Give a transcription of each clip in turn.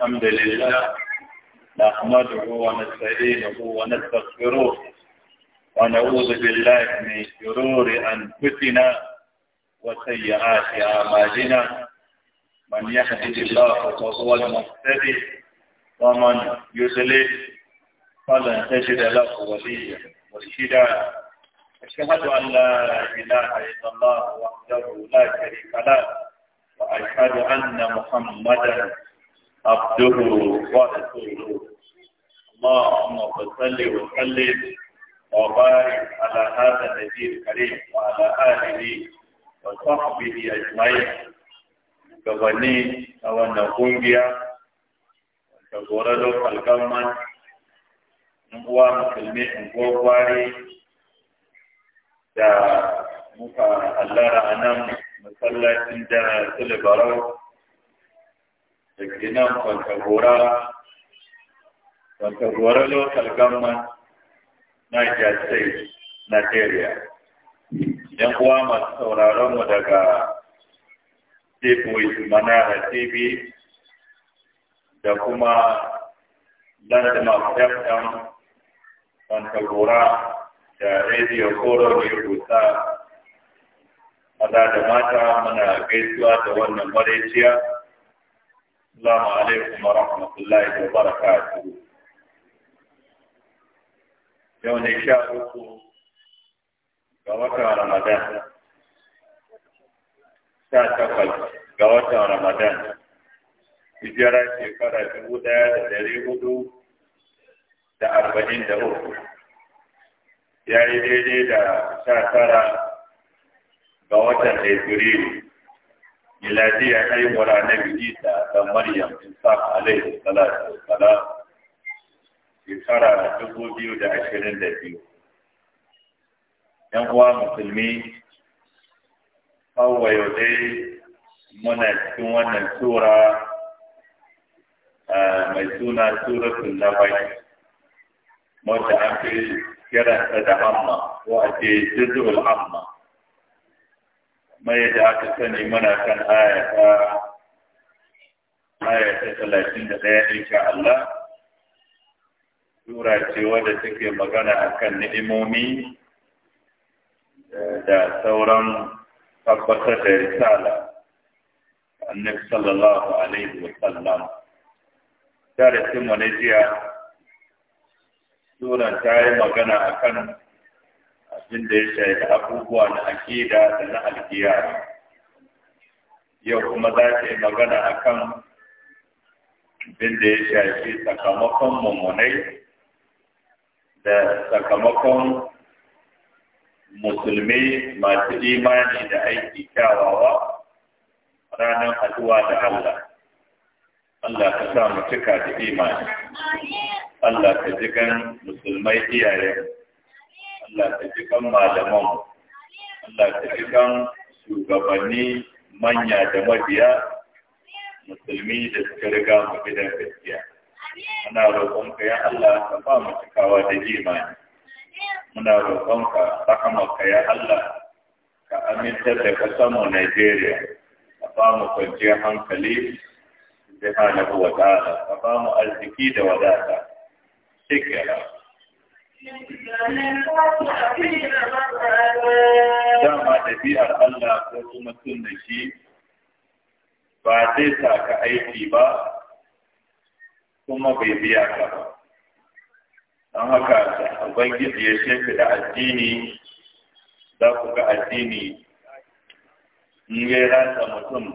الحمد لله نحمده ونستعينه ونستغفره ونعوذ بالله من شرور أنفسنا وسيئات أعمالنا من يهده الله فهو المهتدي ومن يسلم فلن تجد له وليا مرشدا أشهد أن لا إله إلا الله وحده لا شريك له وأشهد أن محمدا عبده ورسوله اللهم صل وسلم وبارك على هذا النبي الكريم وعلى آله وصحبه أجمعين gabani a wannan kungiya da gora local government uwa musulmi unguwar gwari da muka allara a nan masallacin jana tilibarau da ke nan kwantagora kwantagora local government niger state nigeria yan uwa masu sauraron mu daga mana Manara TV da kuma London of Deptham, Kwantagora da Radio Koro kusa. maza da mata muna gaisuwa da wannan maraiciya Assalamu alaikum wa rahmatullahi wa barakatuhu yau ne sha uku ga watan Ramadan sha takwas ga watan Ramadan hijira shekara dubu ɗaya da dari hudu da arba'in da uku ya yi daidai da sha tara ga watan Afrilu miladiyar haihuwar annabi Isa da Maryam Isa alaihi salatu wassalam shekara dubu biyu da ashirin da biyu. ‘Yan uwa musulmi, kawai dai muna cikin wannan tura mai suna suratun na bai, wadda an fi kiranta da hamma, ko a ce jirgin amma. mai da aka sani mana kan ayata ayata talatin da ɗaya insha Allah sura ce wadda take magana akan ni'imomi eh, da sauran tabbatar da risala annabi sallallahu alaihi wa sallam darasin mu na jiya suran ta yi magana akan abin da ya shafi abubuwa na akida da na alkiya yau kuma za ta yi magana a kan abin da ya shafi sakamakon mummunai da sakamakon musulmi masu imani da aiki kyawawa ranar haduwa da Allah. Allah ka sa mu cika da imani. Allah ka jikan musulmai iyayen Allah ta fi kan malaman Allah ta fi kan shugabanni manya da mabiya musulmi da suka riga mu gidan gaskiya muna roƙonka ya Allah ka ba mu cikawa da imani muna roƙonka rahamarka ya Allah ka amintar da mu Najeriya ka ba mu kwanciyar hankali da wa wadata, ka ba mu arziki da wadata care. dama ɗabi'ar Allah ko kuma sun da shi ba zai sa ka aiki ba kuma bai biya ka ba don haka gizi ya shefi da addini za ku ga addini in ya rasa mutum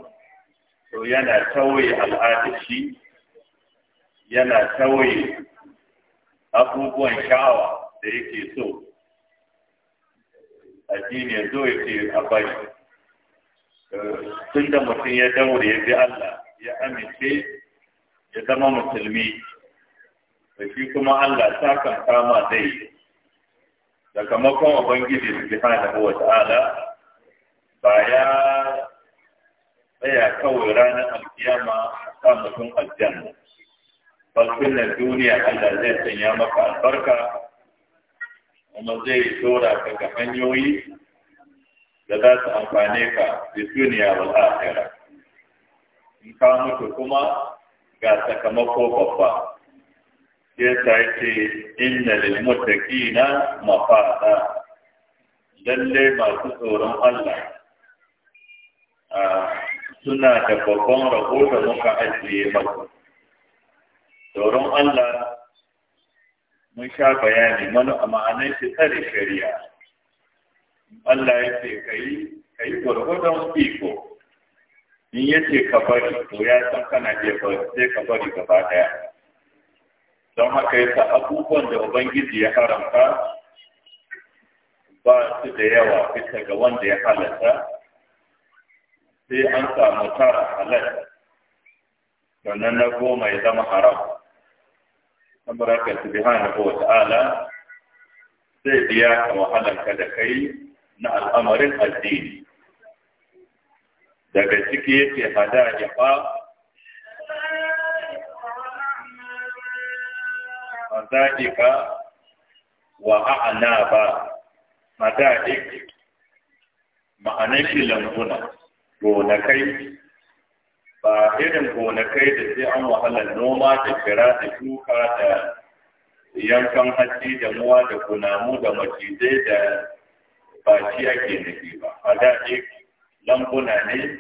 to yana tauye al'adar shi yana tauye abubuwan sha'awa da yake so addini ya zo ya ce a bari tun da mutum ya daure ya bi Allah ya amince ya zama musulmi da shi kuma Allah ta kan kama zai daga makon Ubangiji da wa ala. ba ya tsaya kawai ranar alkiyama sa mutum aljanna ba na duniya Allah zai sanya maka albarka kuma zai dora ka ga hanyoyi da za su amfane ka da duniya wa akhirah in ka mutu kuma ga sakamako babba sa yake inna lil muttaqina mafada lalle masu tsoron Allah suna da babban rahoton da muka ajiye masu tsoron Allah mun sha bayani mana a ma'anar shi tsare shari'a Allah ya ce ka yi ka gwargwadon iko in ya ce ka bari to ya san kana je sai ka bari gaba daya don haka yasa abubuwan da ubangiji ya haramta ba su da yawa bisa ga wanda ya halarta. sai an samu tara halarta. sannan na goma ya zama haram Amurka baraka subhanahu wa ta'ala zai biya ka wahalarka da kai na al'amarin addini daga ciki yake hada ya fa mazaika wa a'ana ba mazaik ma'anar shi lambuna gonakai ba irin gonakai da sai an wahalar noma da kira da shuka da yankan hatsi da muwa da kunamu da macizai da baci ake nufi ba a daɗe lambuna ne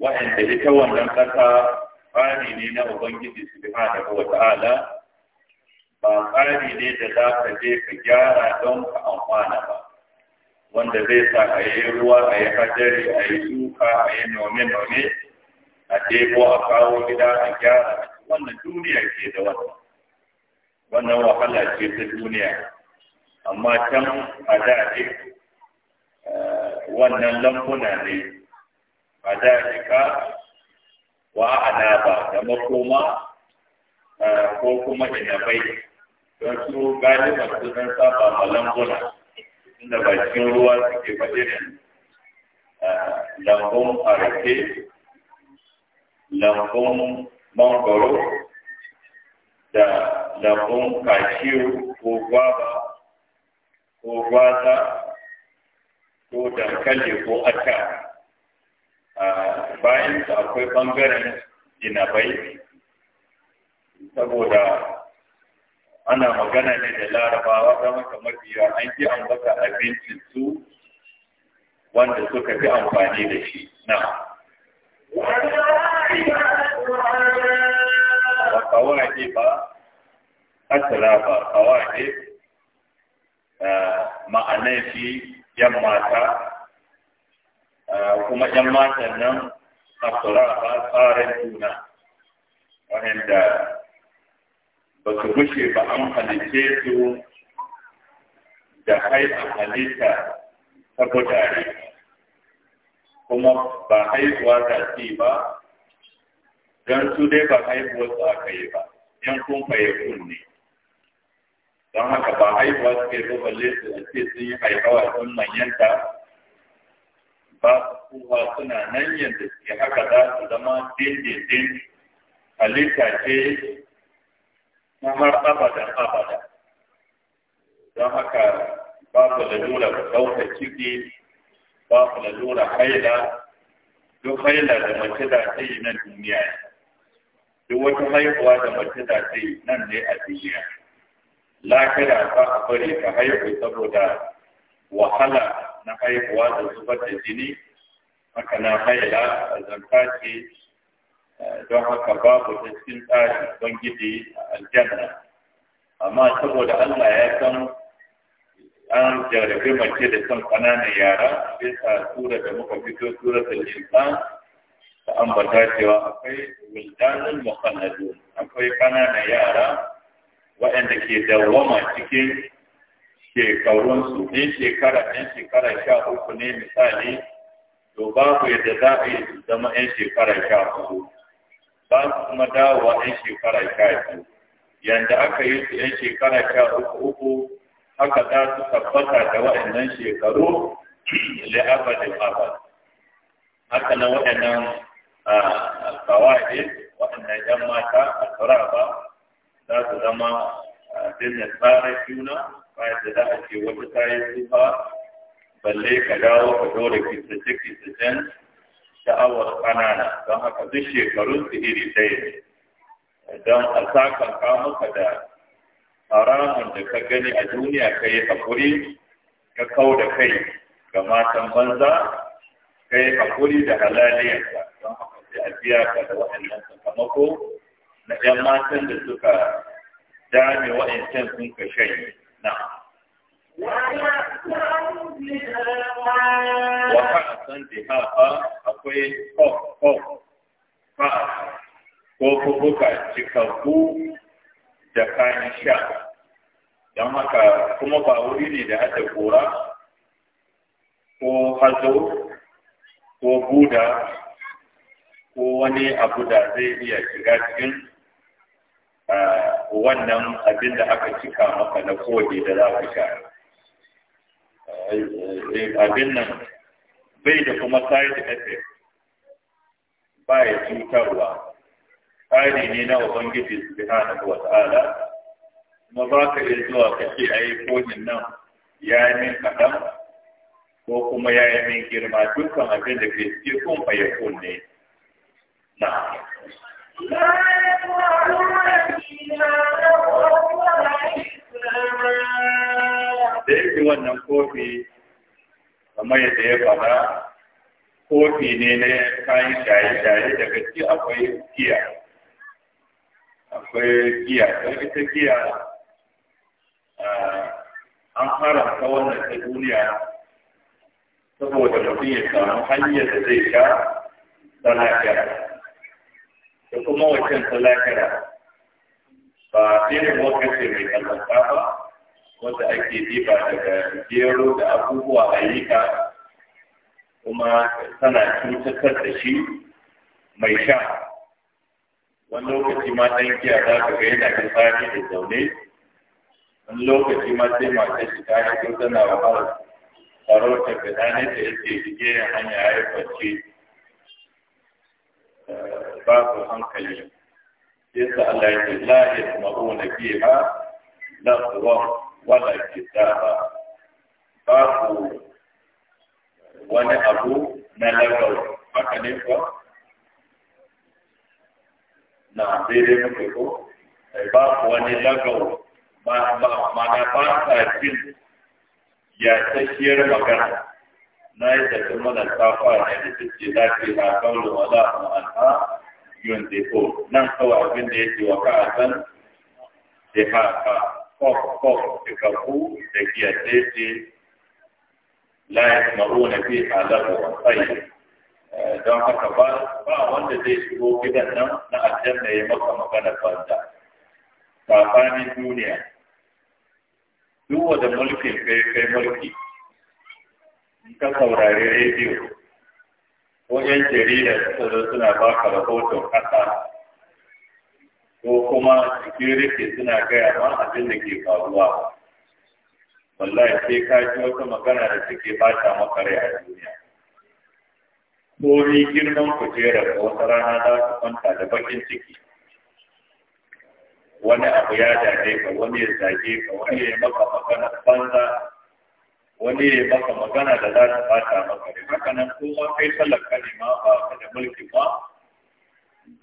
wa'anda ita wannan ƙasa tsari ne na ubangiji da kowa ta'ala ba tsari ne da za ka je ka gyara don ka amfana ba wanda zai sa a yi ruwa a yi hajjari a yi shuka a yi nome-nome a ɗebo a kawo gida a gyara wannan duniya ke da wannan wannan wahala ce ta duniya amma can a da eh, wannan lambuna ne a da ka wa a na ba da makoma eh, ko kuma inabai don su gani masu zan saba ma lambuna inda bakin ruwa suke ba irin eh, lambun rufe lambun mangoro da lambun kashiyu ko gwaba ko gwaza ko dankali ko aka bayan su akwai ɓangaren jinabai saboda ana magana ne da larabawa don mafi yawa an an ambata abincin su wanda suka fi amfani da shi na kawaki ba asira ba kawaki eh, ma'anai shi yan mata eh, kuma yan matan nan asira ba tsarin juna wanda ba su gushe ba an halice su da haifin halitta ta mutane kuma ba haihuwa ta ce ba don su dai ba haihuwa su aka yi ba yan kun fayyakun ne don haka ba haihuwa suke zo balle su a ce sun yi haihawa sun manyanta ba su kuwa suna nan yadda suke haka za su zama dindindin halitta ce na har abadan abada don haka ba dole ba ɗaukar ciki ba ku da lura haila duk haila da mace da ta yi nan duniya ne duk wata haihuwa da mace da ta yi nan ne a duniya lafiya ba a bari ka haihu saboda wahala na haihuwa da zubar da jini haka na haila a zanta ce don haka babu ta cikin tsarin ubangiji a aljanna amma saboda allah ya san an jarabe mace da son ƙananan yara bisa tura da muka fito tura da insan ta ambata cewa akwai wildanun mukhalladu akwai ƙananan yara waɗanda ke dawwama cikin shekarunsu in shekara ɗan shekara sha uku ne misali to babu yadda za a yi zama ɗan shekara sha uku ba su kuma dawowa ɗan shekara sha biyu yanda aka yi su ɗan shekara sha uku uku haka ta su tabbata da waɗannan shekaru da abadin abad haka na waɗannan kawai waɗannan ‘yan mata a turaba za su zama dinna tsara juna bayan da za a ce wata ta yi tsufa balle ka dawo ka dore kisace-kisacen sha'awar ƙanana don haka duk shekarun su iri ɗaya don a sakan kamuka da haramun da ka gani a duniya ka yi haƙuri ka kau da kai ga matan banza ka yi haƙuri da halaliyarsa don haka sai a biya ka da waɗannan sakamako na 'yan matan da suka dame waɗancan sun ka shanye na wata san da akwai kof kof ko kuka cikakku da kayan sha don haka kuma ba wuri ne da aka kora ko hazo ko buda ko wani abu da zai iya shiga cikin eh, wannan abin da aka cika maka na kowane da za ka sha eh, eh, abin nan bai da kuma side effect ba ya cutarwa tsari ne na ubangiji subhanahu wa ta'ala kuma ba ka yi zuwa ka ce a yi konin nan ya yi min kaɗan ko kuma ya yi min girma dukkan abin da ke cikin kun ne na da yake wannan kofi kamar yadda ya faɗa kofi ne na kayan shaye-shaye daga ci akwai giya akwai giya don ita giya an haramta wannan ta duniya saboda mutum ya samu hanyar da zai sha ta lafiya da kuma wacan ta lafiya ba irin wata ce mai kallonta ba wanda ake diba daga gero da abubuwa a yi ka kuma tana cutar da shi mai sha wani lokaci ma ɗan giya za ka ga yana fitsari da zaune wani lokaci ma sai matar shi ta fito tana wahala tsaro ta fita ne ta yake jigiyar hanya ya yi kwace eh, babu hankali yasa Allah ya ce la yasma'una fiha lagwa wala ba babu wani abu na lagwa haka ne kuwa na daidai muka ko eh, ba wani lagau ma na ba ta jin ya ta shiyar magana na yi tafi mana safa ne da take za ta yi hakan da wala ma'ana yun de ko nan kawai abin da yake wa ka san da haka kof kof da ku da ki kiyace ce la fi fiha lagwa tsayi Eh, don haka ba ba wanda zai shigo gidan nan na aljanna ya maka magana banza tsakanin duniya duk wanda mulkin kai kai mulki ka saurari rediyo ko yan jarida suka zo suna baka rahoto kasa ko kuma security suna gaya ma abin da ke faruwa wallahi sai ka ji wata magana da take bata maka rai a duniya komi girman kujerar da wata rana za su kwanta da bakin ciki wani abu ya dade ka wani ya zage ka wani ya maka magana banza wani ya maka magana da za ta bata maka da Makanan nan kai talaka ne ma ba ka da mulki ba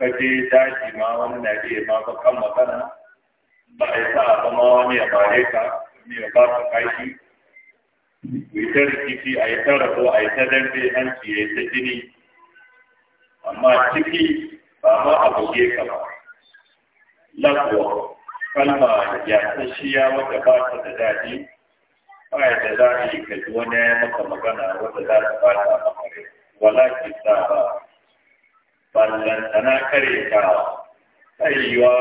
ka je daji ma wani na iya ma kan magana ba a yi sa'a ba ma wani ya bare ka wani ya ba ka kashi ta rikici a yi ta a yi ta dambe hanci ya yi ta jini amma ciki ba ma a buge ka ba lafuwa kalma ya shiya wata ba ta da daɗi ba ya da zaɓi ka ji wani ya maka magana wata za ta ba ta maka wala ki sa ba ballantana kare ka tsayuwa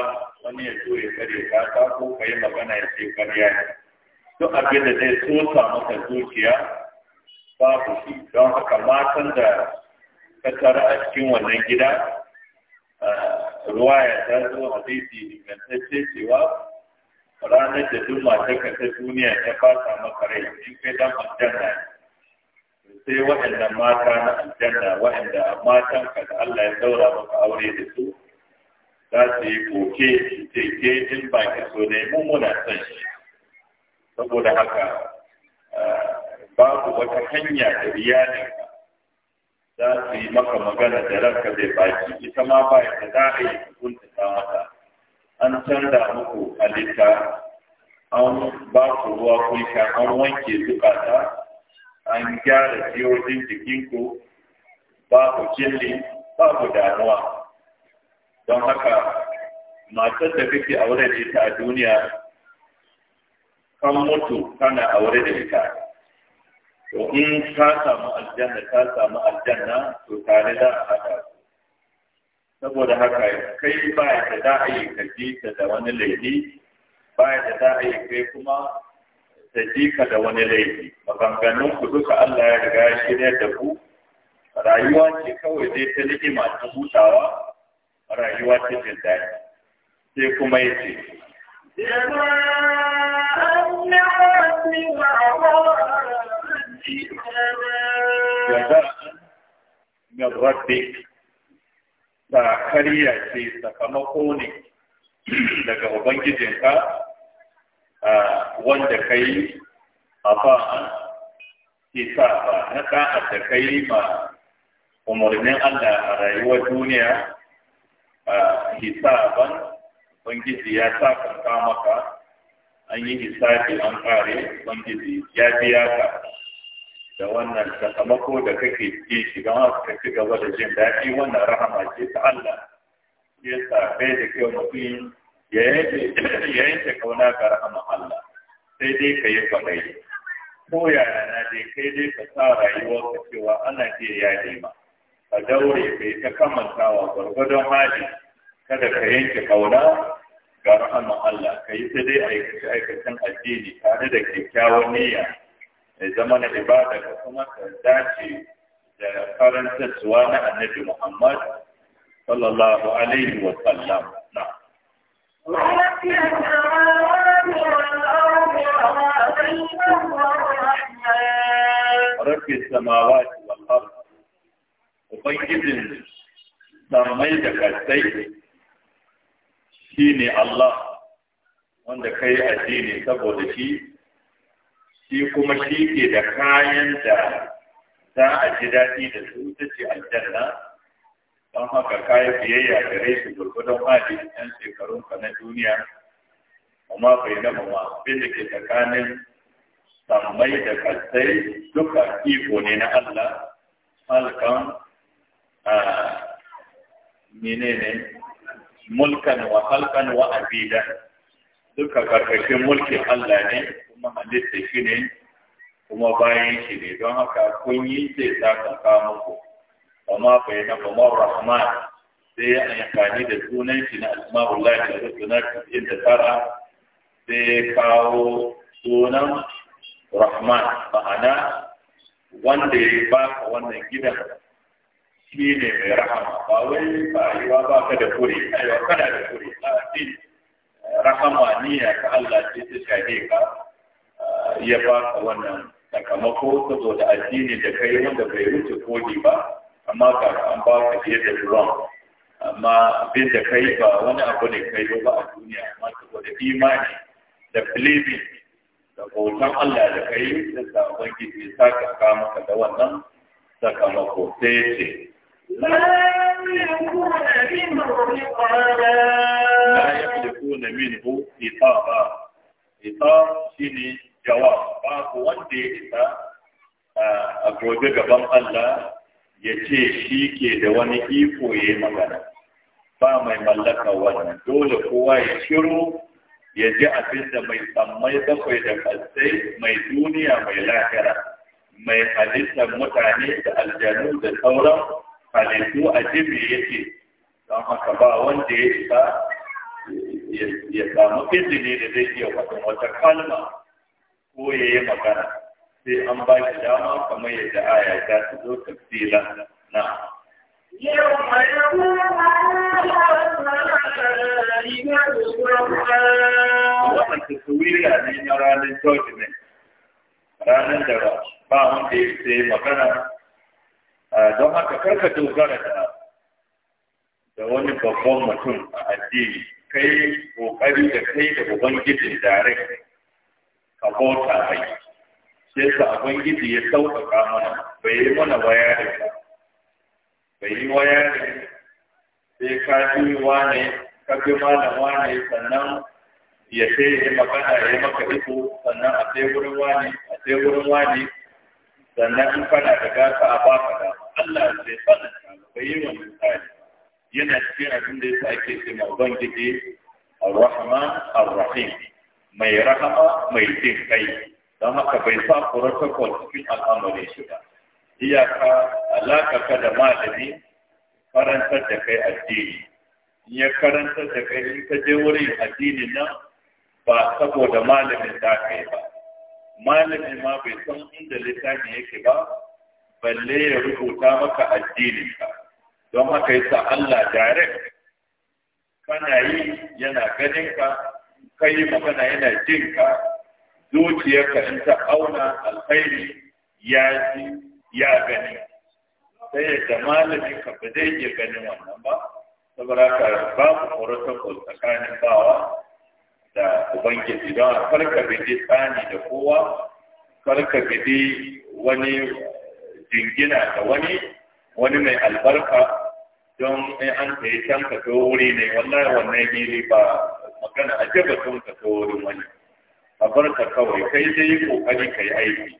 wani ya so ya kare ka ko ka yi magana ya ce karya ne duk abin da zai sosa maka zuciya babu shi don haka matan da ka tara a cikin wannan gida ruwaya ta zo hadisi ingantacce cewa ranar da duk ka ta duniya ta fata maka rai in kai dan aljanna sai waɗannan mata na aljanna waɗanda matan ka da Allah ya daura maka aure da su za su yi koke su ce ke in ba ka so ne mun muna son shi saboda haka babu wata hanya da iyalin za su yi maka magana da ranka zai baki ita ma ba da za a yi hukunta ta mata an canza muku halitta an ba ku ruwa kun sha an wanke zukata an gyara jiyojin jikinku ba ku babu ba ku damuwa don haka matar da kake a da ita a duniya kan mutu kana aure da ita to in ka samu aljanna ka samu aljanna to tare da a saboda haka kai ba da za kaji ta da wani laifi ba da za kai kuma ta ji ka da wani laifi maganganun ku duka Allah ya riga ya shirya da ku rayuwa ce kawai dai ta ni'ima ta hutawa rayuwa ce jin daɗi sai kuma ya ce min rabbik ba kariya ce sakamako ne daga ubangijinka wanda ka yi a ba'an isa ba na ka'ar da ka yi ma umarnin Allah a rayuwar duniya ban ubangiji ya sa maka an yi hisabi an kare ubangiji ya biya ka da wannan sakamako da kake ke shiga don gaba da jin daɗi wannan rahama ce ta Allah ya sa kai da kyau mutum ya yanke kauna ga rahama Allah sai dai ka yi kwaɗayi ko yaya na dai kai dai ka sa ka cewa ana ke ya nema ka daure kai ta kamantawa gwargwadon hali kada ka yanke kauna ga rahaman Allah ka yi ta dai aikace aikacen addini tare da kyakkyawan niyya ya zama na ibada ka kuma ka dace da karantarsuwa na annabi Muhammad sallallahu alaihi wa sallam na رب السماوات والأرض وبيجد سميت كالسيد shi ne Allah wanda ka yi addini saboda shi shi kuma shi ke da kayan da za a ji daɗi da su ta ce aljanna don haka kayan biyayya gare shi gurgudan hali ɗan shekarunka na duniya amma bai na mama abin da ke tsakanin sammai da kasai duka iko ne na Allah halkan a ah, menene mulkan wa halkan wa abida duka karkashin mulkin Allah ne kuma halitta shi ne kuma bayan shi ne don haka kun yi zai sakanka muku amma bai na kamar rahman sai ya amfani da sunan shi na lahi da rukunar da tara sai kawo sunan rahman ma'ana wanda ya baka wannan gidan shi ne mai rahama ba wai ba yi ba ka da kure aiwa kana da kure a eh, rahama niyya ta Allah ce ta shahe ka eh, ya ba ka wannan sakamako saboda addini da kai wanda bai wuce kogi ba amma ka an ba ka je da ruwan amma abin da kai ba wani abu ne kai ba a duniya amma saboda imani da believing da bautan Allah da kai da sabon gidi sa ka kama ka da wannan sakamako sai ce لا يملكون منه إطابا إطاب شيني جواب babu wanda ya isa a gobe gaban Allah ya ce shi ke da wani iko ya yi magana ba mai mallaka dole kowa ya shiru ya ji abin mai tsammai bakwai da kalsai mai duniya mai lahira mai halittar mutane da aljanu da sauran halittu a jibi ya yake don haka ba wanda ya isa ya samu izini da zai iya wasan wata kalma ko ya yi magana sai an ba shi dama kamar yadda aya za ta zo tafsila na يوم يقوم wannan taswira ne na ranar judgment ranar da ba wanda ya sai magana don haka karka dogara da da wani babban mutum a addini kai kokari da kai da ubangijin dare ka bauta mai sai sa ubangiji ya sauƙaƙa mana bai yi mana da ba bai yi da sai ka fi wane ka fi malam wane sannan ya sai ya magana ya maka iko sannan a sai wurin wane a sai wurin wane sannan in kana da gasa a baka da Allah bai fadanta bai yi wa misali. yana cikin abin da yasa ake cewa ubangiji ar-rahman ar-rahim mai rahama mai jin kai don haka bai sa protocol cikin al'amari shi ba iyaka alaka ka da malami karantar da kai addini in ya karantar da kai in ka je wurin addini na? ba saboda malamin da kai ba malami ma bai san inda littafi yake ba balle ya rubuta maka addininka don haka yasa Allah direct kana yi yana ganinka kai magana yana jinka zuciyarka in ta auna alkhairi ya ji ya gani sai ya da malamin ka ba zai iya ganin wannan ba saboda ka babu protocol tsakanin bawa da ubangiji don karka bidi tsani da kowa karka bidi wani jingina da wani wani mai albarka don in an ta yi can ka to wuri ne wallahi wannan hili ba magana a jaba sun ka to wurin wani a barka kawai kai dai yi kokari yi aiki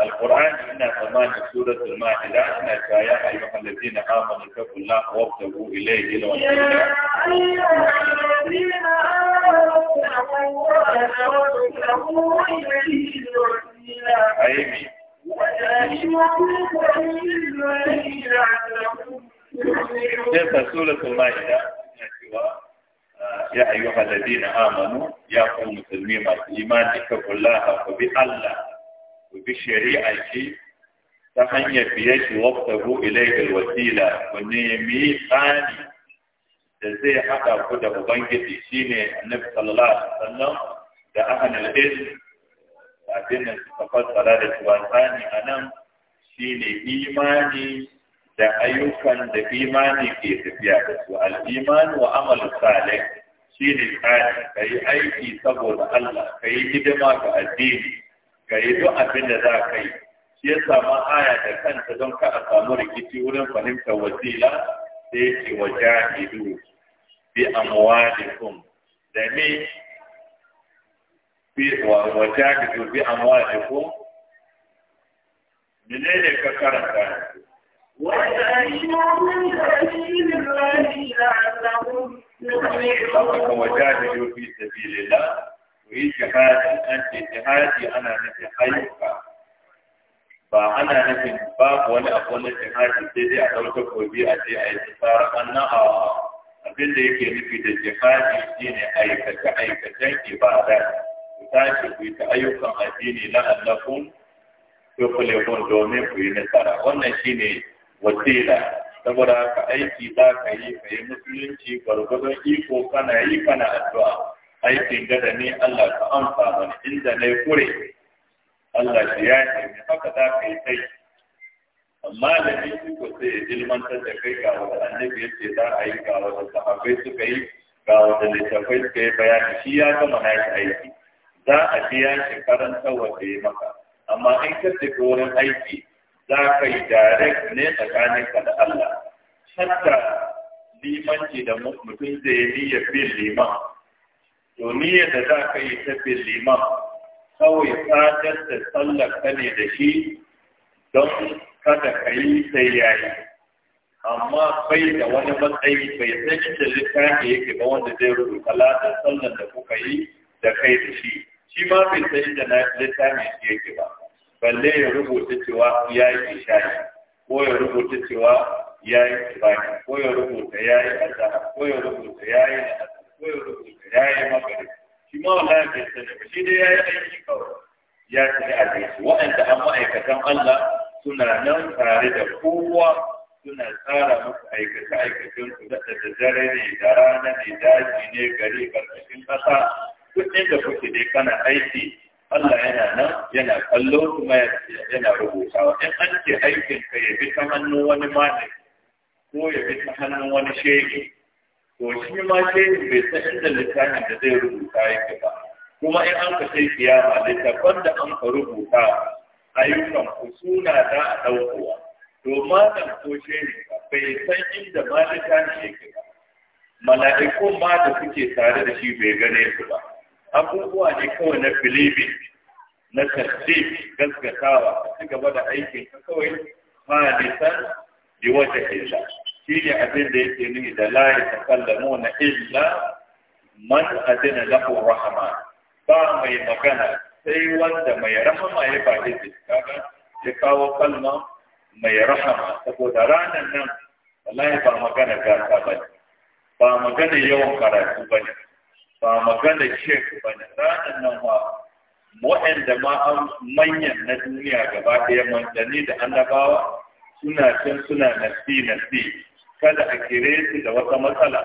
القرآن إن ثمان سورة المائدة أن يا أيها الذين آمنوا اتقوا الله وابتغوا إليه إلى يا أيها الذين آمنوا اتقوا الله sai suratul maida ya cewa ah, ya ayyuhal ladina amanu ya ku musulmi masu imani ka kullaha ku bi Allah ku bi shari'a shi ta hanyar biye shi waftahu ilayhi wasila. ku nemi tsani da zai haɗa ku da ubangiji shine annabi sallallahu alaihi wasallam da ahlul ilm abin da suka fassara da tuwasani a nan shi ne imani da ayyukan da imani ke tafiya da su al'imani wa amal salih shi ne tsari ka yi aiki saboda Allah ka yi hidima ga addini ka yi duk abin da za ka yi shi ya samu aya da kanta don ka a samu rikici wurin fahimtar wasila sai ce wa jahidu bi amwalikum da ne في وجاهدوا بأموالكم منين كفرنا وجاهدوا في سبيل الله وهي أنت جهادي أنا نفي حيفا فأنا نفي باب ولا أقول جهادي سيدي أدوك وبي أتي أي سفارة أنا أبدا يكي نفي الجهادي دين أيكة أيكة أيكة ku tashi ku yi ta ayyukan addini na la'allakum tuflihun domin ku yi nasara wannan shine wasila saboda ka aiki za ka yi ka yi musulunci gwargwadon iko kana yi kana addu'a aikin gada ne Allah ka amsa mana inda na kure Allah shi ya ce ne haka za ka yi sai amma da ni ko sai ya ilmantar da kai ga wanda annabi yace za a yi ga wanda sahabbai suka yi ga wanda littafai suka yi bayani shi ya gama na aiki za a biya shi karanta wanda ya maka amma in ka tafi wurin aiki za ka yi direct ne ka da Allah hatta limanci da mutum zai yi ya bin liman to niyyar da za ka yi ta bin liman kawai sadar da sallar ka ne da shi don kada ka yi sai ya yi, amma bai da wani matsayi bai san da littafi yake ba wanda zai rubuta ladan sallar da kuka yi da kai da shi shi ma bai san inda na littafin shi yake ba balle ya rubuta cewa ya yi ishari ko ya rubuta cewa ya yi kibani ko ya rubuta ya yi azara ko ya rubuta ya yi ko ya rubuta ya yi magari shi ma wallahi bai sani ba shi dai ya yi aiki kawai ya tafi a gaisu waɗanda an ma'aikatan Allah suna nan tare da kowa suna tsara musu aikace-aikacen su da dare ne da rana ne daji ne gari ƙarƙashin ƙasa duk inda kuke dai kana aiki Allah yana nan yana kallo kuma yana rubutawa in an ce aikin ka ya bi ta hannun wani malami ko ya bi ta hannun wani shege Ko shi ma shege bai san inda littafin da zai rubuta yake ba kuma in an ka sai kiyama littafin da an ka rubuta ayyukan ku suna za a ɗaukowa to malam ko shehi bai san inda malika ne yake ba mala'iku ma da suke tare da shi bai gane su ba abubuwa ne kawai na filibin na tasdif gaskatawa ci gaba da aikin ka kawai ma lisan bi wajhi illa shi ne abin da yake nuni da la yatakallamuna illa man adina lahu rahama ba mai magana sai wanda mai rahama ya ba da kaga ya kawo kalma mai rahama saboda ranar nan wallahi ba magana gasa ba ba magana yawan karatu ba ne ba magana shek ba ne ranar nan ba waɗanda ma an manyan na duniya gaba ɗaya manzanni da annabawa suna can suna nasi nasi kada a kire su da wata matsala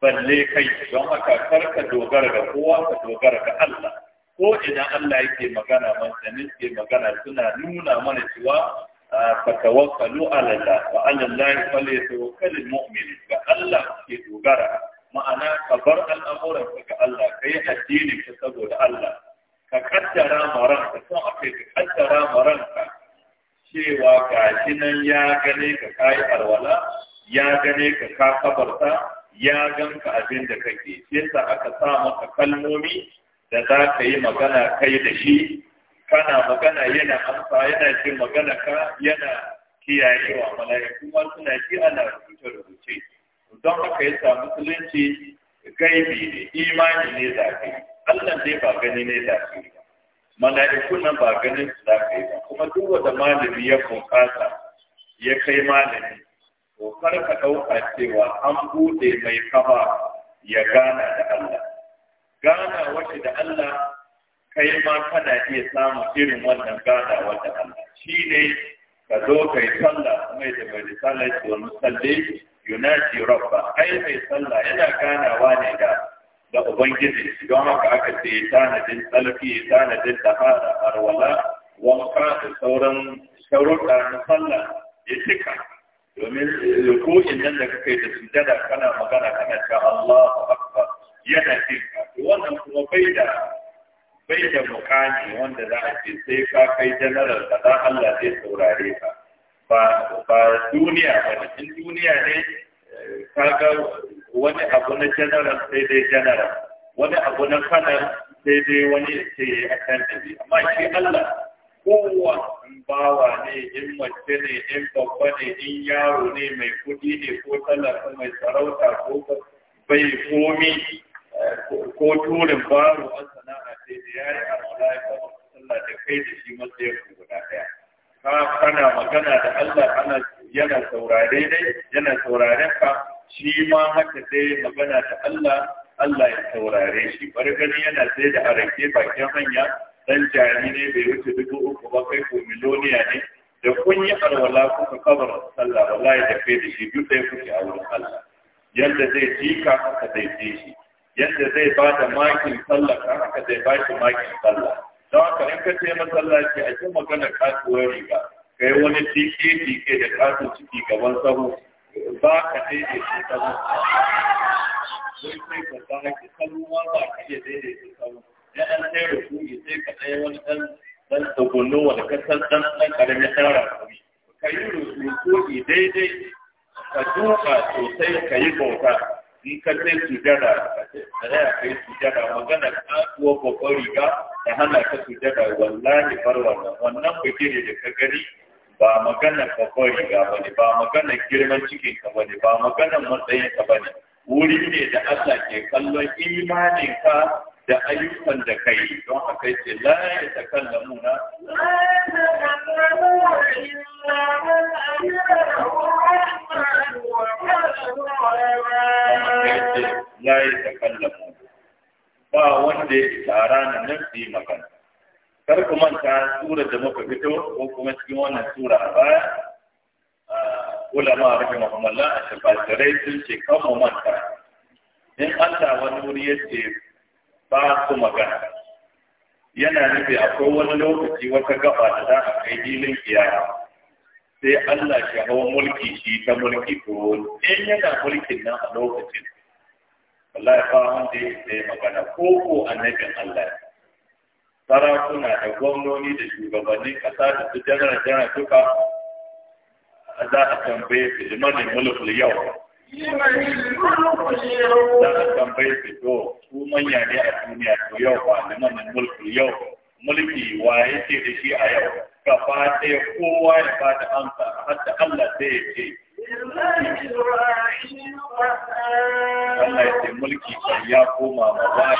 balle kai don haka karka dogara ga kowa ka dogara ga Allah ko idan Allah yake magana manzanni ke magana suna nuna mana cewa fatawakkalu ala Allah wa ala Allah falyatawakkalul mu'min ga Allah ke dogara ma'ana ka bar al'amuran ka ga Allah ka yi addini ka saboda Allah ka kaddara maran ka sun ake ka kaddara maran ka cewa gashi nan ya gane ka kayi alwala ya gane ka ka kabarta ya gan ka abin da kake yasa aka sa maka kalmomi da za ka yi magana kai da shi kana magana yana amsa yana cin magana ka yana kiyayewa mala'iku Kuma suna ji ana rubuce rubuce don haka yasa musulunci gaibi ne imani ne za ka yi Allah dai ba gani ne za ka yi ba mala'iku nan ba ganin su za ka ba kuma duk wanda malami ya bunƙasa ya kai malami to kar ka ɗauka cewa an bude mai kama ya gana da Allah gana wacce da Allah kai ma kana iya samun irin wannan gana wata Allah shi ne ka zo kai sallah mai da mai sallah ce wani sallah yunaji rabba ai mai sallah yana ganawa ne da da ubangiji don haka aka ce tanadin tsalfi tanadin tahara arwala wanka da sauran sharuɗa na sallah ya cika domin rukunin eh, nan da kake da sujada kana magana kana cewa Allahu akbar yana cika. wannan kuma bai da bai da mukami wanda za a ce sai ka kai janaral da Allah zai saurare ka ba ba duniya ba ne duniya ne kaga wani abu na general sai dai general wani abu na kanar sai dai wani ce ya yi a kan dabi amma shi Allah kowa in bawa ne in mace ne in babba ne in yaro ne mai kudi ne ko talaka mai sarauta ko bai komi ko turin baro a sana'a sai dai ya yi a ya kama da kai da shi matsayin guda ɗaya ka kana magana da Allah ana yana saurare dai yana ka shi ma haka dai magana ta Allah Allah ya saurare shi bar gani yana sai da arake bakin hanya dan jarirai ne bai wuce dubu uku ba kai ko miloniya ne da kun yi alwala kuka kabar sallah wallahi da kai da shi duk sai kuke a wurin Allah yadda zai ji ka haka zai ji shi yadda zai ba da makin sallah ka haka zai ba shi makin sallah don haka in ka ce masallaci a cikin magana kasuwar riga kai wani tike-tike da kasu ciki gaban sahu ba ka daidaita sahu sai sai ka sa ki sahu ma ba ka iya daidaita sahu ya an sai rukuni sai ka ɗaya wani ɗan ɗan tsagunno wanda ka san ɗan ɗan ƙaramin tara kuri ka yi rukuni daidai ka duka sosai ka yi bauta in ka sai sujada da yi kai jada magana kuwa babbar riga da hana ka su jada wallahi farwa wannan bikiri da ka gani ba magana babban riga ba ne ba magana girman cikin ka ba ne ba magana matsayin ka ba ne wuri ne da Allah ke kallon imanin ka da ayyukan da kai don haka yace la ya takallamuna la ya ba wanda ya tsara nan su yi magana kar manta surar da muka fito ko kuma cikin wannan sura a baya ulama rahimahumullah a tafasirai sun ce kan manta in Allah wani wuri ya ce ba su magana yana nufi akwai wani lokaci wata gaba da za a kai filin kiyama sai Allah shi hau mulki shi ta mulki ko in yana mulkin nan a lokacin ya fara wanda ya magana ko ko annabin Allah sarakuna da gwamnoni da shugabannin ƙasa da su janar janar duka za a tambaye su manin mulkul yau za a tambaye su to su manya ne a duniya to yau ba da manin mulkul yau mulki wa ce da shi a yau gaba ya kowa ya ba da amsa hatta Allah sai ya ce Allah ya ce mulki ya koma ma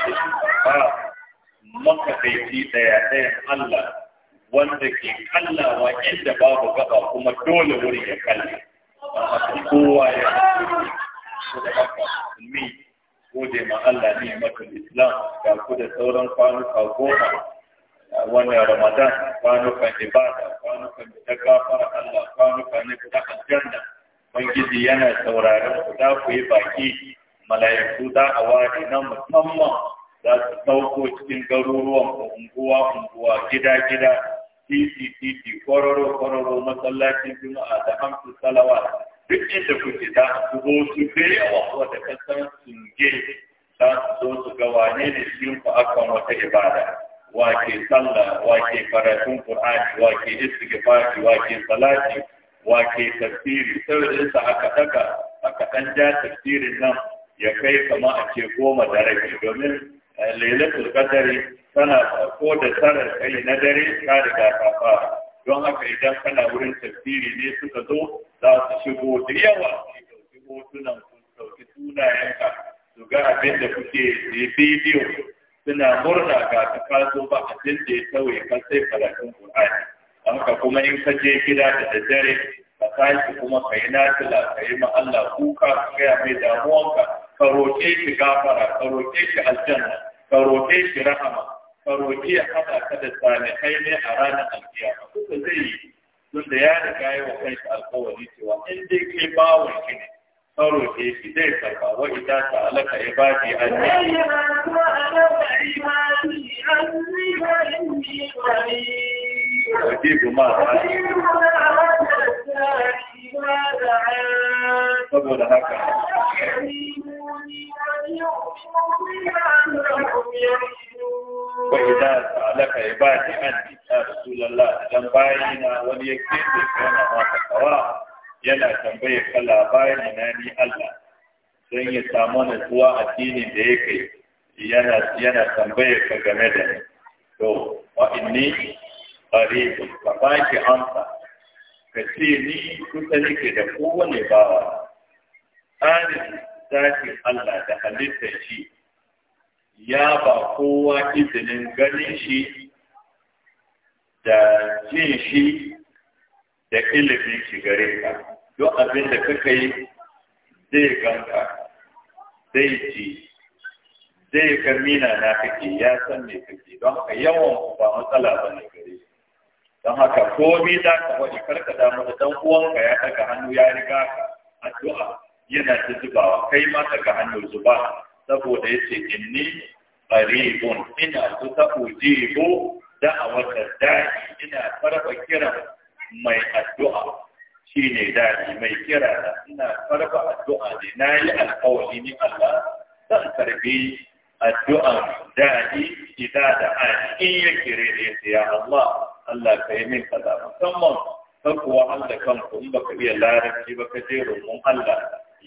ba makasaici ɗaya ɗaya Allah wanda ke kallawa inda babu gaba kuma dole wuri ya kalle. Kowa ya musulmi gode ma Allah ne maka Islam ga ku da sauran kwanuka goma wannan Ramadan kwanukan ibada kwanukan da gafara Allah kwanukan na da aljanna Ubangiji yana sauraron ku za ku yi baki mala'iku za a ware na musamman za su sauko cikin garuruwan unguwa unguwa gida gida titi titi kororo kororo masallacin juma'a da hamsu salawa duk inda kuke za su zo su da yawa wata kasar sunge za su zo su ga wane ne cikin ku akan wata ibada wake sallah wake karatun qur'ani wake istighfari wake salati wake tafsiri sai sa aka daga aka dan ja tafsirin nan ya kai kama a ce goma da rabi domin Eh, lailatul qadari tana ko da tsara kai na dare ka riga ka don haka idan kana wurin tafsiri ne suka zo za su shigo da yawa su hotunan ku ɗauki sunayenka su ga abin da kuke da bidiyo suna murna ga ta kaso ba a da ya ka sai karatun Qur'ani haka kuma in ka je gida da daddare ka tashi kuma ka yi nafila ka yi ma Allah kuka ka gaya mai damuwanka فروتي في غفر فروتي في الجنة فروتي في رحمة فروتي حتى قد الصالحين أرانا القيامة كنت زي كنت يعني كاي وقيت القوة وعندي كيبا وكني فروتي في ذي فرقا وإذا سألك عبادي أني يا وأجيب ما رأيت وأجيب ما رأيت tambaye kala labari na ni Allah don ya samu kuwa addinin da ya kai yana yana tambaye ka game da ni to wa inni qaribun ka baki amsa ka ce ni kusa nake da kowane bawa tsarin zakin Allah da halittar shi ya ba kowa izinin ganin shi da jin shi da ilimin shi gare ka duk abin da kaka yi zai ganka zai ji zai ga mina na kake ya san me kake don haka yawan ba matsala ba ne gare don haka ko komai za ka wani karka damu da dan uwanka ya daga hannu ya riga ka addu'a yana ta zubawa kai ma daga hannu zuba saboda ya yace inni qaribun ina kusa ujibu da'awata da'i ina farfa kiran mai addu'a shi ne dani mai kira ina farba addu'a ne na yi alkawari ni Allah zan karbi addu'an daɗi idan da ani in ya kire ne sai ya Allah Allah ka yi min kaza musamman kan kuwa Allah kanku in baka iya larabci ba ka je rumun Allah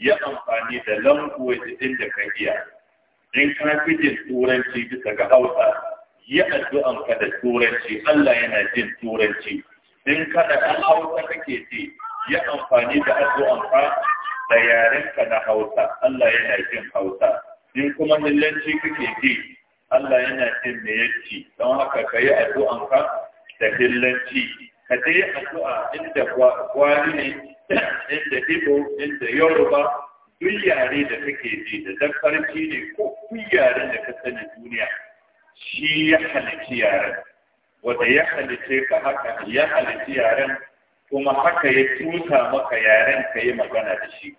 ya amfani da language din da ka iya in ka fi jin turanci bisa ga Hausa yi addu'anka da turanci Allah yana jin turanci in kada an hausa kake ce yi amfani da addu'anka da yarenka na Hausa Allah yana jin Hausa in kuma hillanci kake ji Allah yana jin me yanci don haka ka yi addu'anka da hillanci ka dai addu'a inda kwari ne inda Igbo inda Yoruba duk yare da kake ji da dafarci ne ko duk yaren da ka sani duniya shi ya halici yaren wanda ya halice ka haka ya halici yaren kuma haka ya tuta maka yaren ka yi magana da shi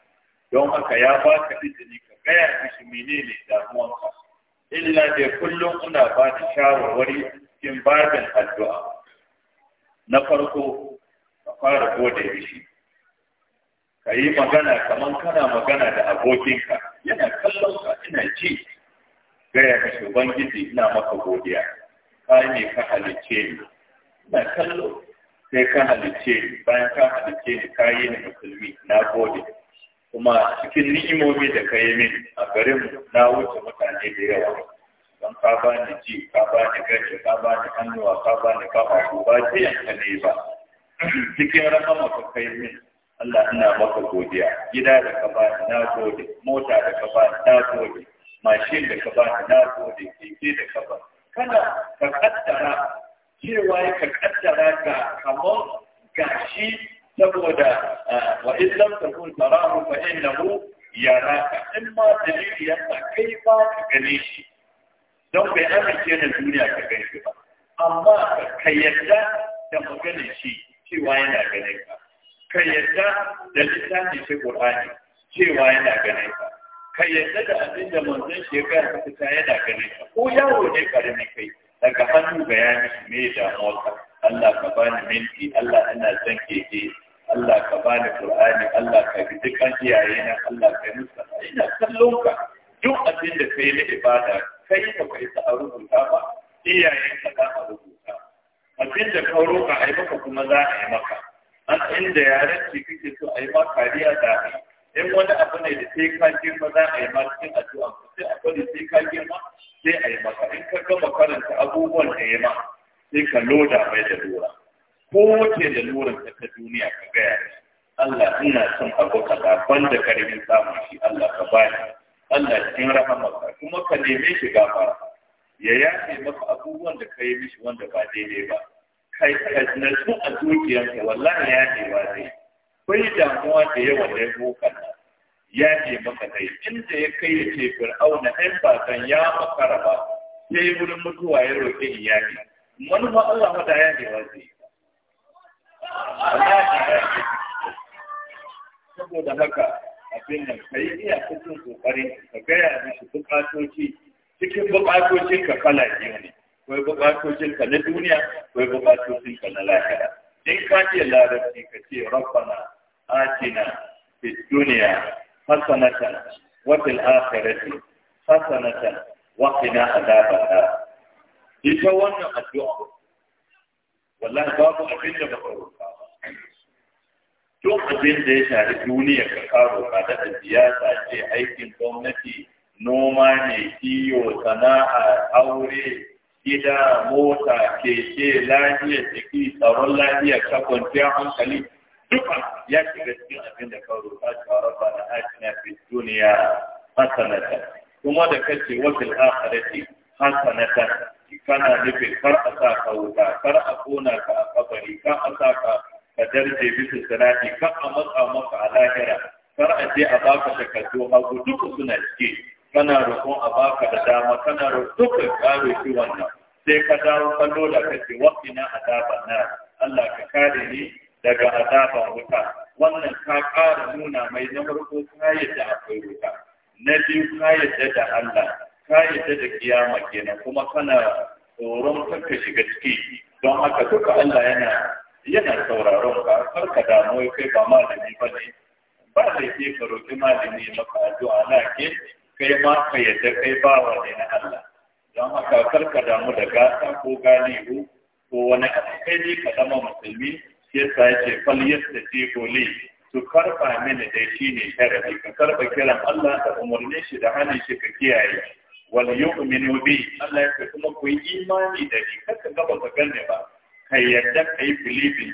don haka ya ba ka izini ka gaya mene menene damuwanka illa da kullum ina ba da shawarwari cikin babin addu'a na farko ka fara gode shi. ka yi magana kamar kana magana da abokinka yana kallon ka ina ji. gaya shi ubangiji ina maka godiya Ka ne ka halicce ni ina kallo sai ka halicce bayan ka halicce ni ka yi ni musulmi na gode kuma cikin ni'imomi da ka yi min a garin na wuce mutane da yawa don ka ba ni ji ka ba ni gani ka ba ni hannuwa ka ba ni kafa ba jiyan ka ne ba cikin rahama ka kai min Allah ina maka godiya gida da ka ba ni na gode mota da ka ba ni na gode mashin da ka ba ni na gode keke da ka ba kana ka kaddara cewa ya ka kaddara ga kamar gashi saboda wa in lam takun tarahu fa innahu yaraka in ma dalili ya sa kai ba ka gane shi don bai amince da duniya ka gane shi ba amma ka yadda da maganin shi cewa yana ganin ka ka yadda da littafin shi Qur'ani cewa yana ganin ka ka yadda da abin da manzon shi ya ga ka yana ganin ka ko yawo ne karami kai daga hannu bayani me mota Allah ka bani minti Allah ina son keke Allah ka bani Qur'ani Allah ka bi iyaye iyayena Allah ka nusa ina kallon ka duk abin da kai na ibada kai ka kai ta rubuta ba iyaye ka ta a rubuta abin da ka roƙa ai baka kuma za a yi maka an inda yaran ki kike so ai ma kariya za a yi in wani abu ne da sai ka girma za a yi ma cikin addu'a sai a bari sai ka girma sai a yi maka in ka gama karanta abubuwan da ya ma sai ka loda mai da lura ko ce da luran ta ta duniya ka gaya ne Allah ina son abu daban da karimin samun shi Allah ka bani Allah cikin rahamarka kuma ka neme shi gafara ya yafe maka abubuwan da ka yi mishi wanda ba daidai ba kai ka natsu a zuciyarka wallahi ya ne ba zai bai damuwa da yawa da ya bokan ya ce maka dai inda ya kai ya ce fir'auna ɗan fatan ya makara ba sai wurin mutuwa ya roƙe ni ya ce ma Allah mata ya ce ba zai saboda haka abin nan ka yi iya cikin kokari ka gaya mishi bukatoci cikin bukatocin ka kala biyu ne kai bukatocin ka na duniya kai bukatocin ka na lahira in ka ce larabci ka ce rabbana atina fi duniya حسنة وفي الآخرة حسنة وقنا عذاب النار ita wannan addu'a wallahi babu abin ba roƙa ba duk abin da ya shafi duniya ka karo ka siyasa ce aikin gwamnati noma ne kiyo sana'a aure gida mota keke lafiya jiki tsaron lafiya ka hankali duka ya shiga cikin abin da kawo roƙa cewa rabba na atina fi duniya hasanata kuma da kace wasil akhirati hasanata kana nufin kar a sa ka wuta kar a kona ka a kabari kar a sa ka ka darje bisa sirati kar a matsa maka a lahira kar a je a baka takardu hagu duka suna ciki kana roƙon a baka da dama kana roƙon duka ƙaro shi wannan sai ka dawo kallo da kace waqina azaban nar Allah ka kare ni daga azaban wuta wannan ka ƙara nuna mai na farko ka yadda akwai wuta na biyu ka yadda da Allah ka yadda da kiyama kenan kuma kana tsoron kanka shiga ciki don haka duka Allah yana yana sauraron ka kar ka damu kai ba malami ba ne ba da ke ka roƙi malami maka addu'a na ke kai ma ka yadda kai bawa ne na Allah don haka kar ka damu da gasa ko galihu ko wani kai ne ka zama musulmi yasa yake fal yadda ce koli su karba mini dai shine sharafi ka karba kiran Allah da umarni shi da hannun shi ka kiyaye wal yu'minu bi Allah ya kuma ku imani da shi kaka ba, ka yarda ba kai yadda kai filibin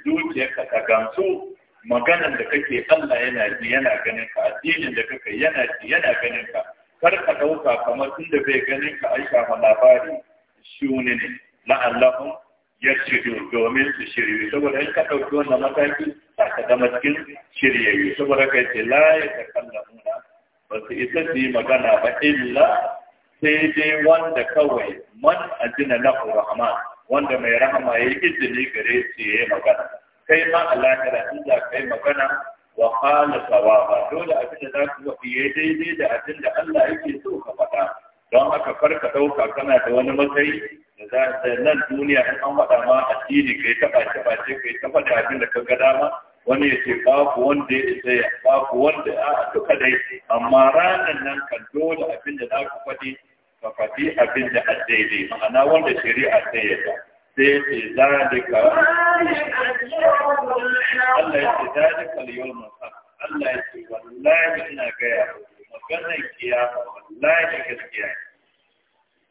ka ta gamsu maganan da kake Allah yana ji yana ganin ka addinin da kake yana ji yana ganin ka kar ka dauka kamar tunda bai ganin ka aisha ma labari shune ne la'allahu. yarshidun domin su shirye saboda in ka ɗauki wannan mataki za ka zama cikin saboda kai ce la ya ta muna ba su isa su yi magana ba illa sai dai wanda kawai man ajina na rahama wanda mai rahama ya yi izini gare shi yi magana kai ma a lahira in za magana wa qala sawaba dole abin da za ku yi daidai da abin da Allah yake so ka faɗa don haka farka ɗauka kana da wani matsayi da za ta nan duniya in an faɗa ma addini kai ta ɓace ɓace kai ta faɗa abin da ka ga dama wani ya ce babu wanda ya isa ya babu wanda a duka dai amma ranar nan kan dole abin da za ku faɗi ka faɗi abin da a daidai ma'ana wanda shari'a ta ta sai ya ce zalika Allah ya ce zalika al-yawm Allah ya ce wallahi ina gaya muku maganar kiyama wallahi gaskiya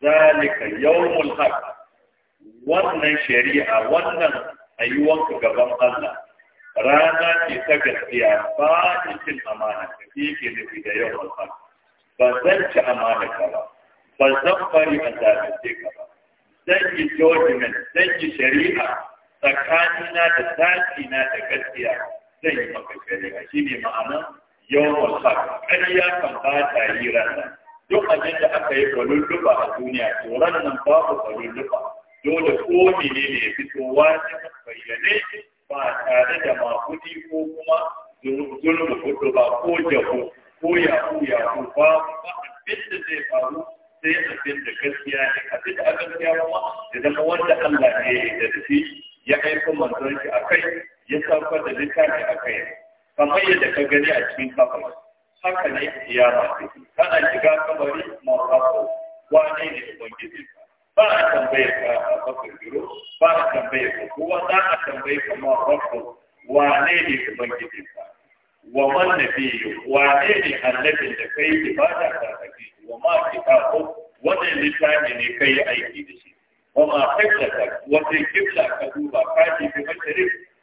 zalika yawmul haqq wannan shari'a wannan ayyuwanka gaban Allah rana ce ta gaskiya ba ta cin amana ka ke nufi da yau ba ba zan ci amana ka ba ba zan bari a zalunce ka ba zan yi judgment zan yi shari'a tsakanina da tsakina da gaskiya zan yi maka shari'a shi ne ma'ana yawan walhar ƙarya kan ba ta yi ranar duk abin da aka yi kwalullufa a duniya to ranar babu kwalullufa dole ko mene ne fitowa ta bayyane ba tare da makudi ko kuma zulmu hudu ba ko jahu ko yahu yahu ba ba abin da zai faru sai abin da gaskiya ne abin da aka gaskiya kuma da zama wanda Allah ne ya da shi ya aiko manzon shi akai ya saukar da littafi akai kamar yadda ka gani a cikin kabari haka ne ya mafi kana shiga kabari mawrafu wane ne ubangiji ba a tambayar ka a bakar biro ba a tambayar ka kowa za a tambaye ka mawrafu wane ne ubangiji wa man biyu. wane ne annabin da kai ba da karfafi wa ma kitabu wannan littafi ne kai aiki da shi wa ma kai ka wata kibla ka duba ka ji bi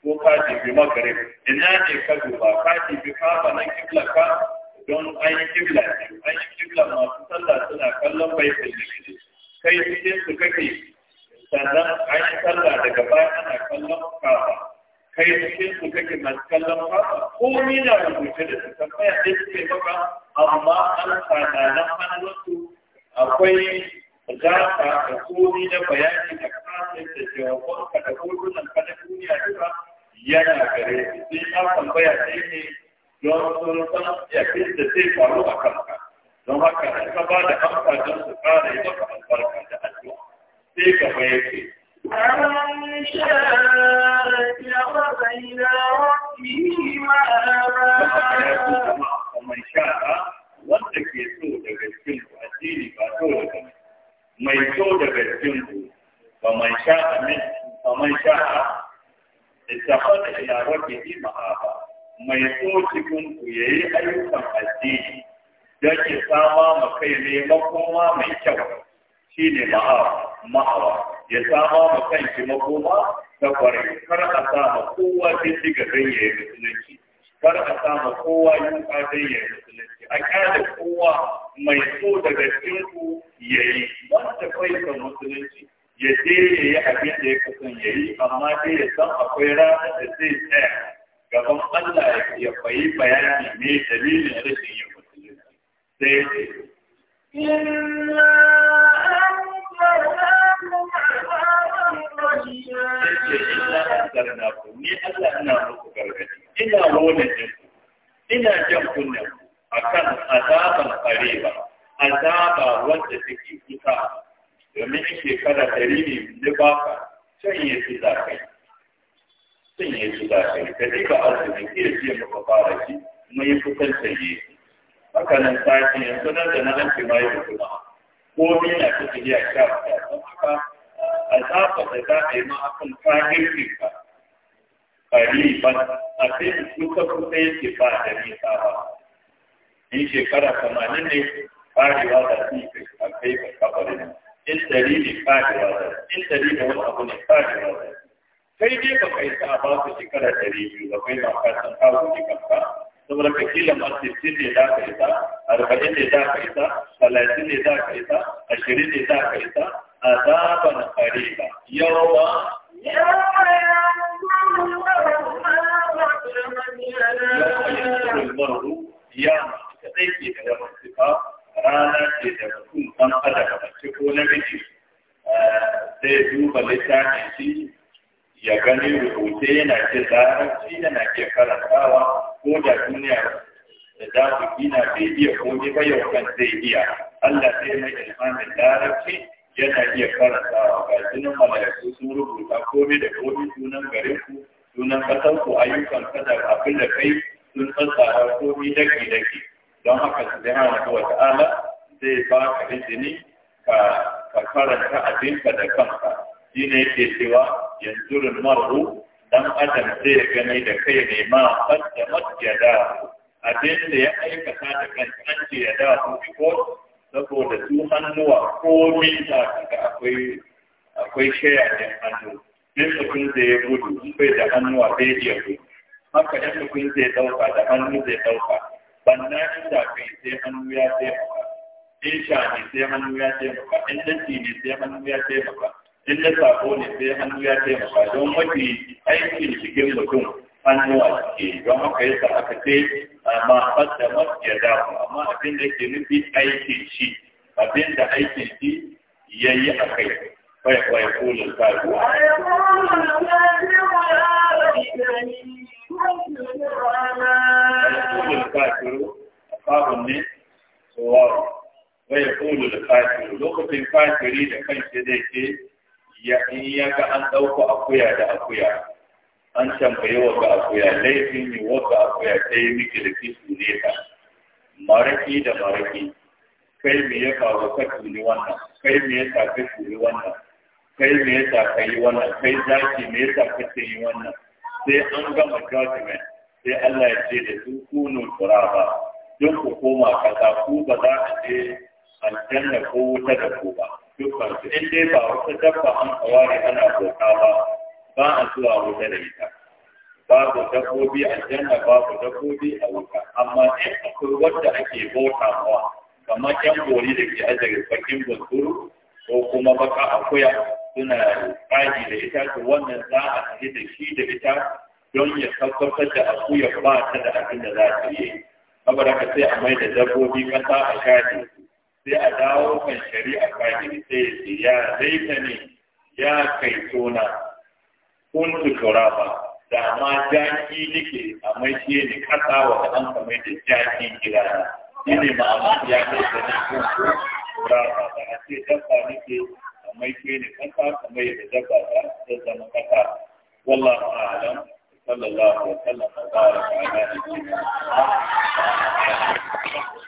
ko ka bi magrib ina ne ka duba ka ba kafa na kibla ka don ai kibla ai yi kibla masu sallah suna kallon bai kalli kai cikin su kake sannan ai sallah daga baya ana kallon kafa kai cikin su kake masu kallon kafa ni na rubuce da su tambaya ɗaya suke maka amma an nan na hannunsu akwai za ka komi na bayani da kasar da jawaban ka da hotunan ka na duniya duka yana gare shi sai ka tambaya sai ne don sun san ya da zai faru a kanka don haka in ka ba da amsa don su kare yi maka albarka da addu'a sai ka bayyace فمن شاء اتخذ إلى ربه مآبا ومن شاء وانتك يسوع لك السلم الدين mai kyau daga cikin ku ba mai sha amin ba mai sha ittakhadha ila rabbihi ma'aba mai so cikin ku yayi ayyukan addini don ke sama ma kai ne makoma mai kyau shine ma'aba ma'awa ya sama ma shi makoma ta kwarai kar a sama kowa cikin ga dan yi musulunci kar a sama kowa yin ka dan yi musulunci a kyale kowa mai so daga cikinku ya yi wanda bai da musulunci ya je ya yi abin da ya kasan ya yi amma dai ya san akwai ranar da zai tsaya gaban Allah ya fayi bayani ne dalilin rashin yin musulunci sai ya ce Ni Allah ina muku gargaɗi, ina wani ina jan kunnen akan azaban karewa azaba wanda take kusa domin shekara ɗari ne ba ka can ya ci za ka yi sun yi su za ka yi ka ji ka arziki iya ce maka fara shi kuma ya kusan ta yi haka nan sati yanzu nan da na an mai ma kuma ko min na ta tafiya sha fita don haka azaba da za a yi ma akan kafirkin ka ƙariban abin kusa kusa yake ba da nisa ba in shekara tamanin ne farewa da su yi a kai ka kabari ne in dari ne farewa za su in dari da wani abu ne farewa za su kai dai ka kai sa ba su shekara dari biyu ba kai ba ka san kawo ka ka saboda ka kila ma sittin ne za ka isa arba'in ne za ka isa talatin ne za ka isa ashirin ne za ka isa azaban kariba yawa yawa yawa yawa yawa kadai ke da damar sifa rana ce da mutum ɗan fada da mace ko namiji eh, zai duba littafin shi ya gani rubuce yana ce larabci yana ke karantawa ko da duniya da za su gina bai iya komai ba yau kan zai iya Allah sai mai ilmanin larabci yana iya karantawa ga sunan malaiku sun rubuta komai da komai sunan garin ku sunan ƙasar ku ayyukan kada abin da kai sun tsara komai daki daki don haka subhanahu wa ta'ala zai ba ka izini ka ka karanta abinka da kanka shi ne yake cewa yanzu mar'u dan adam zai gani da kai ne ma da yadahu abin da ya aikata da kansa ya da su, ko saboda su hannuwa ko da kaga akwai akwai shaya ne hannu duk mutum zai ya gudu bai da hannuwa bai iya gudu haka duk mutum zai dauka da hannu zai dauka banna in da kai sai hannu ya taimaka in sha ne sai hannu ya taimaka in dace ne sai hannu ya taimaka in da sako ne sai hannu ya taimaka don mafi aikin cikin mutum hannu a ciki don haka yasa aka ce amma fadda masu ya damu amma abin da ke nufi aikin shi abin da aikin shi ya yi a kai kwaikwai kulun karuwa. الكافر أصاب من سواه ويقول الكافر لغة الكافر إذا كان شديك يأيك أن دوك أقويا دا أقويا أن تنبي وقع أقويا ليتني وقع أقويا تيمك لكي سنيتا مركي دا مركي kai me ya faru ka tuli wannan kai me ya sa ka tuli wannan kai me ya sa ka yi wannan kai zaki me ya sa ka yi wannan sai an gama judgment sai Allah ya ce da su kunun turaba duk ku koma kasa ku ba za a je aljanna ko wuta da ku ba dukkan su in dai ba wata dabba an kawari ana bauta ba ba a zuwa wuta da ita babu dabbobi aljanna babu dabbobi a wuta amma in akwai wanda ake bauta mawa kamar yan gori da ke ajiye bakin bunturu ko kuma baka akuya suna tsagi da ita to wannan za a tafi da shi da ita don ya tabbatar da akuyar ba ta da abin da za ta yi saboda ka sai a mai da dabbobi kasa a kaji sai a dawo kan shari'a kaji sai ya ce ya ta ne ya kai tona kuntu ba da ma jaki nake a mai shi ne kasa wa kaɗan ka mai da jaki gida shi ne amma ya kai da ne kuntu ba da a ce dabba nake a mai shi ne kasa kamar yadda dabba ta zama kasa wallahu sallallahu alaihi wa sallam wa baraka ala nabiyyina